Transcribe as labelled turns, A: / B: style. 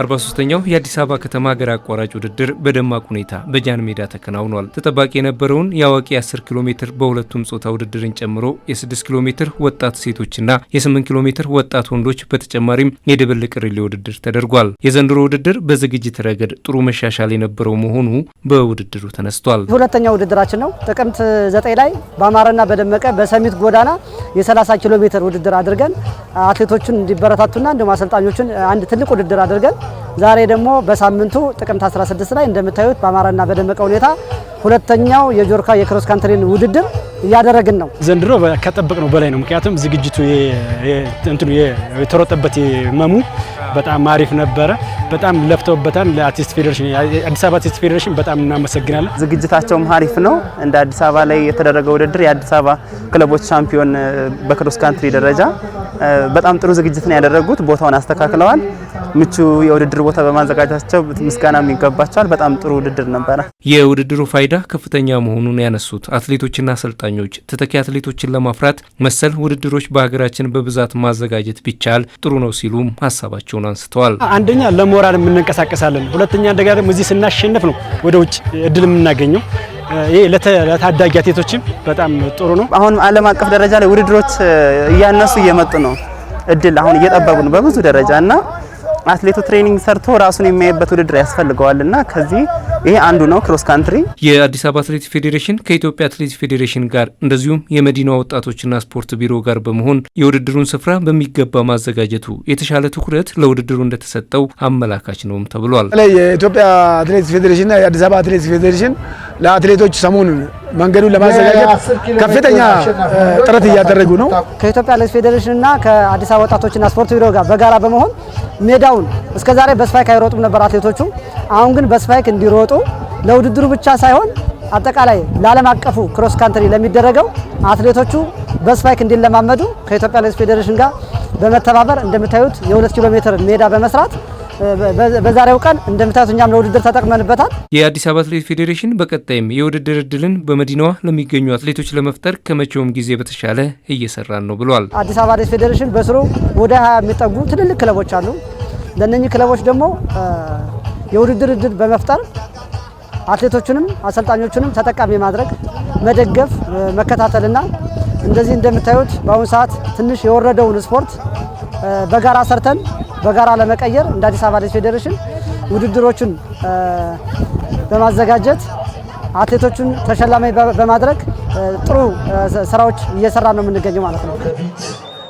A: አርባ ሶስተኛው የአዲስ አበባ ከተማ ሀገር አቋራጭ ውድድር በደማቅ ሁኔታ በጃን ሜዳ ተከናውኗል። ተጠባቂ የነበረውን የአዋቂ 10 ኪሎ ሜትር በሁለቱም ጾታ ውድድርን ጨምሮ የ6 ኪሎ ሜትር ወጣት ሴቶችና የ8 ኪሎ ሜትር ወጣት ወንዶች በተጨማሪም የድብልቅ ሪሌ ውድድር ተደርጓል። የዘንድሮ ውድድር በዝግጅት ረገድ ጥሩ መሻሻል የነበረው መሆኑ በውድድሩ ተነስቷል።
B: ሁለተኛው ውድድራችን ነው። ጥቅምት 9 ላይ በአማረና በደመቀ በሰሚት ጎዳና የ30 ኪሎ ሜትር ውድድር አድርገን አትሌቶቹን እንዲበረታቱና እንዲሁም አሰልጣኞቹን አንድ ትልቅ ውድድር አድርገን ዛሬ ደግሞ በሳምንቱ ጥቅምት 16 ላይ እንደምታዩት በአማራና በደመቀ ሁኔታ ሁለተኛው የጆርካ የክሮስ ካንትሪን ውድድር እያደረግን ነው።
C: ዘንድሮ ከጠበቅ ነው በላይ ነው። ምክንያቱም ዝግጅቱ እንትኑ የተሮጠበት መሙ በጣም አሪፍ ነበረ። በጣም ለፍተውበታል። ለአርቲስት ፌዴሬሽን አዲስ አበባ አርቲስት ፌዴሬሽን በጣም እናመሰግናለን።
D: ዝግጅታቸውም አሪፍ ነው። እንደ አዲስ አበባ ላይ የተደረገ ውድድር የአዲስ አበባ ክለቦች ሻምፒዮን በክሮስ ካንትሪ ደረጃ በጣም ጥሩ ዝግጅት ነው ያደረጉት። ቦታውን አስተካክለዋል። ምቹ የውድድር ቦታ በማዘጋጀታቸው ምስጋና የሚገባቸዋል። በጣም ጥሩ ውድድር ነበረ።
A: የውድድሩ ፋይዳ ከፍተኛ መሆኑን ያነሱት አትሌቶችና አሰልጣኞች ተተኪ አትሌቶችን ለማፍራት መሰል ውድድሮች በሀገራችን በብዛት ማዘጋጀት ቢቻል ጥሩ ነው ሲሉም ሀሳባቸውን አንስተዋል።
E: አንደኛ ለሞራል የምንንቀሳቀሳለን፣ ሁለተኛ እንደገና እዚህ ስናሸንፍ ነው ወደ ውጭ እድል የምናገኘው ይሄ ለታዳጊ አትሌቶችም በጣም ጥሩ ነው።
F: አሁን ዓለም አቀፍ ደረጃ ላይ ውድድሮች እያነሱ እየመጡ ነው። እድል አሁን እየጠበቁ ነው በብዙ ደረጃ እና አትሌቱ ትሬኒንግ ሰርቶ ራሱን የሚያይበት ውድድር ያስፈልገዋል እና ከዚህ ይሄ አንዱ ነው። ክሮስ ካንትሪ
A: የአዲስ አበባ አትሌቲክ ፌዴሬሽን ከኢትዮጵያ አትሌቲክ ፌዴሬሽን ጋር እንደዚሁም የመዲናዋ ወጣቶችና ስፖርት ቢሮ ጋር በመሆን የውድድሩን ስፍራ በሚገባ ማዘጋጀቱ የተሻለ ትኩረት ለውድድሩ እንደተሰጠው አመላካች ነውም ተብሏል።
G: በተለይ የኢትዮጵያ አትሌቲክስ ፌዴሬሽንና የአዲስ አበባ አትሌቲክ ፌዴሬሽን ለአትሌቶች ሰሞኑን መንገዱን ለማዘጋጀት ከፍተኛ ጥረት እያደረጉ ነው።
H: ከኢትዮጵያ አትሌቲክስ ፌዴሬሽንና ከአዲስ አበባ ወጣቶችና ስፖርት ቢሮ ጋር በጋራ በመሆን ሜዳውን እስከ ዛሬ በስፓይክ አይሮጡም ነበር አትሌቶቹ። አሁን ግን በስፓይክ እንዲሮጡ ለውድድሩ ብቻ ሳይሆን አጠቃላይ ለዓለም አቀፉ ክሮስ ካንትሪ ለሚደረገው አትሌቶቹ በስፓይክ እንዲለማመዱ ከኢትዮጵያ አትሌቲክስ ፌዴሬሽን ጋር በመተባበር እንደምታዩት የ2 ኪሎ ሜትር ሜዳ በመስራት በዛሬው ቀን እንደምታዩት እኛም ለውድድር ተጠቅመንበታል።
A: የአዲስ አበባ አትሌት ፌዴሬሽን በቀጣይም የውድድር እድልን በመዲናዋ ለሚገኙ አትሌቶች ለመፍጠር ከመቼውም ጊዜ በተሻለ እየሰራን ነው ብሏል።
I: አዲስ አበባ አትሌት ፌዴሬሽን በስሩ ወደ ሀያ የሚጠጉ ትልልቅ ክለቦች አሉ። ለእነኚህ ክለቦች ደግሞ የውድድር እድል በመፍጠር አትሌቶቹንም አሰልጣኞቹንም ተጠቃሚ ማድረግ፣ መደገፍ፣ መከታተልና እንደዚህ እንደምታዩት በአሁኑ ሰዓት ትንሽ የወረደውን ስፖርት በጋራ ሰርተን በጋራ ለመቀየር እንደ አዲስ አበባ ፌዴሬሽን ውድድሮችን በማዘጋጀት አትሌቶቹን ተሸላሚ በማድረግ ጥሩ ስራዎች እየሰራ ነው የምንገኘው ማለት ነው።